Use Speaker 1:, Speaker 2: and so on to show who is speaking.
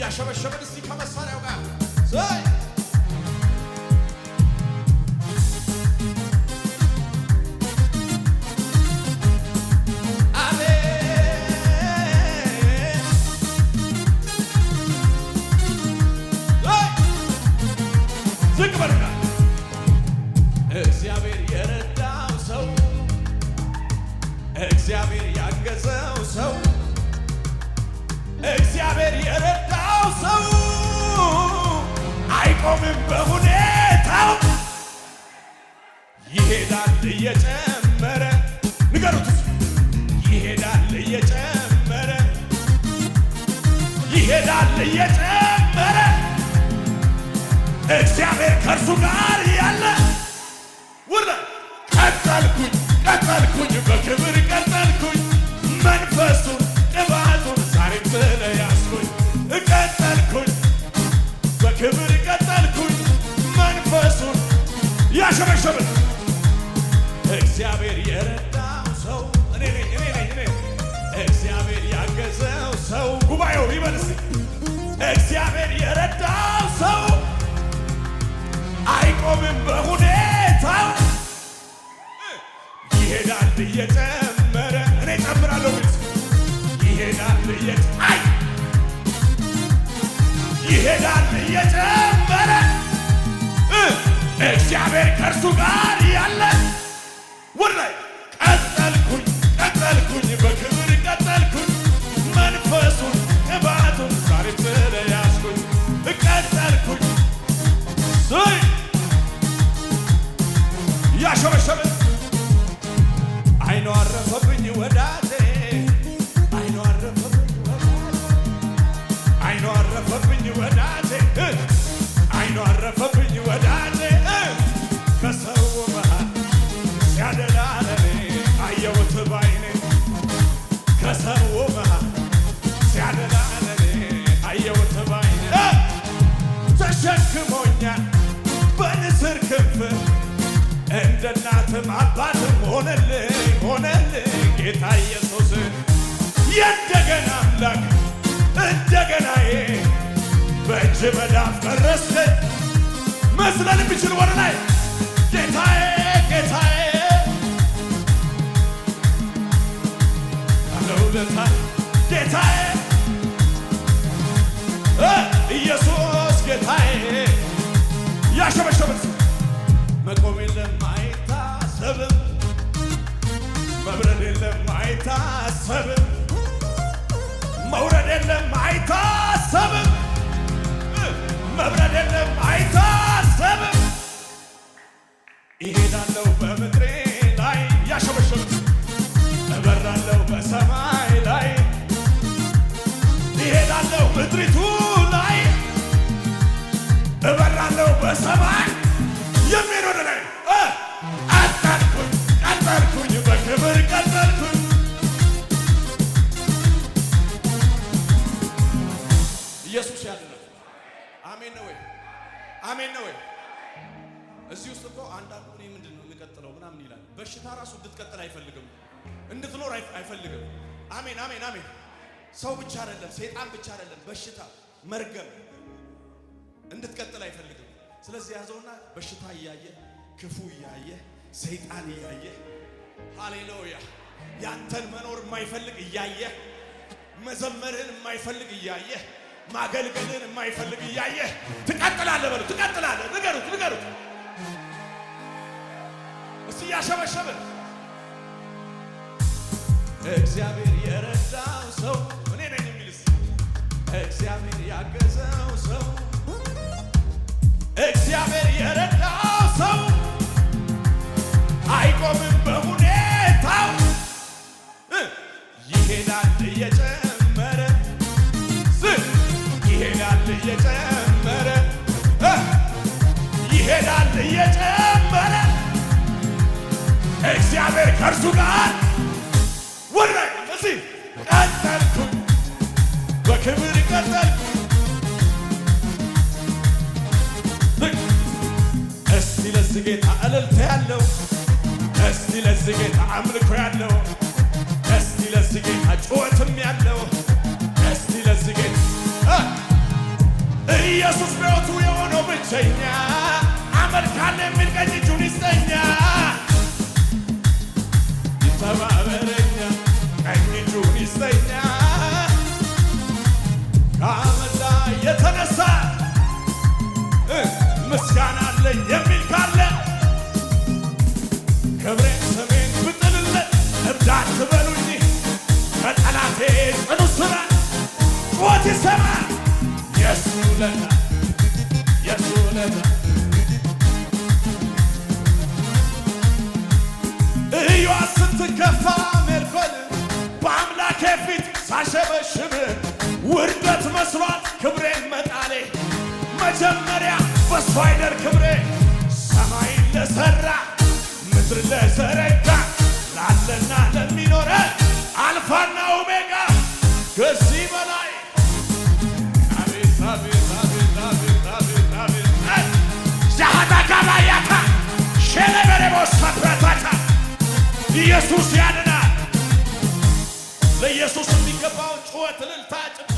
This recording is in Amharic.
Speaker 1: E a chama chama de cinco mas farel, Sai! Esse é a ቢቆምም በሁኔታው ይሄዳል እየጨመረ ንገሩት፣ ይሄዳል እየጨመረ ይሄዳል እየጨመረ እግዚአብሔር ከእርሱ ጋር ያለ ውረ ቀጠልኩኝ ቀጠልኩኝ በክብር ቀጠልኩኝ መንፈሱን ቅባቱን ዛሬም ስለያ ሸመሸምን። እግዚአብሔር የረዳው ሰው እኔ ነኝ እኔ ነኝ እኔ እግዚአብሔር ያገዘው ሰው ጉባኤው ይመልስ። እግዚአብሔር የረዳው ሰው አይቆምም በሁኔታው ይሄዳል እየጨመረ እኔ ጨምራለሁ ቤት ይሄዳል እየ አይ ይሄዳል እግዚአብሔር ከእርሱ ጋር ያለ ወላይ ቀጠልኩኝ ቀጠልኩኝ ሲያደላለ አየሁት እናትም አባትም ሆነልኝ ሆነልኝ ጌታ ኢየሱስ የእንደገና አምላክ እንደገናዬ በእጅ መዳፍ ቀረስከኝ መስለን የሚችል ወደ ላይ ጌታዬ ውለታዬ ጌታዬ ኢየሱስ ጌታዬ ያሸበሸበት መቆም የለም አይታሰብም፣ መብረድ የለም አይታሰብም፣ መውረድ የለም አይታሰብም፣ መብረድ የለም አይታሰብም ይሄዳለው በምድሪቱ ላይ እበራለሁ በሰማይ የሚል ወደ ላይ አጣልኩኝ ቀጠልኩኝ በክብር ቀጠልኩኝ ኢየሱስ ያድናል። አሜን ነው ወይ? አሜን ነው ወይ? እዚህ ውስጥ እኮ አንዳንዱ እኔ ምንድን ነው የምቀጥለው ምናምን ይላል። በሽታ ራሱ እንድትቀጥል አይፈልግም፣ እንድትኖር አይፈልግም። አሜን አሜን አሜን ሰው ብቻ አይደለም፣ ሰይጣን ብቻ አይደለም፣ በሽታ መርገም እንድትቀጥል አይፈልግም። ስለዚህ ያዘውና በሽታ እያየ ክፉ እያየ ሰይጣን እያየ ሃሌሉያ ያንተን መኖር የማይፈልግ እያየ መዘመርህን የማይፈልግ እያየ ማገልገልህን የማይፈልግ እያየ ትቀጥላለህ። በሉ ትቀጥላለህ። ንገሩት፣ ንገሩት እስቲ እያሸበሸብን እግዚአብሔር የረዳው ሰው እግዚአብሔር ያገዘው ሰው እግዚአብሔር የረዳው ሰው አይቆምም በሁኔታው ይሄዳል እየጨመረ ይሄዳል እየጨመረ ይሄዳል እየጨመረ እግዚአብሔር ከእርሱ ጋር ለዚህ ጌታ አምልኮ ያለው ደስ ለዚህ ጌታ ጩኸትም ያለው ደስ ለዚህ ጌታ ኢየሱስ በሕይወቱ የሆነው ብቸኛ አመልካለ የሚል ቀኝ እጁን ይስጠኛ ይተባበረ ጩኸት ይሰማ የሱ ለታ እዩዋ ስትከፋ ሜርኮል በአምላኬ ፊት ሳሸበሽብ ውርደት መስሏት ክብሬ መጣሌ መጀመሪያ በስፋይደር ክብሬ ሰማይን ለሠራ ምድር ለዘረ ኢየሱስ ያድናል። ለኢየሱስ የሚገባውን ጩኸት፣ እልልታ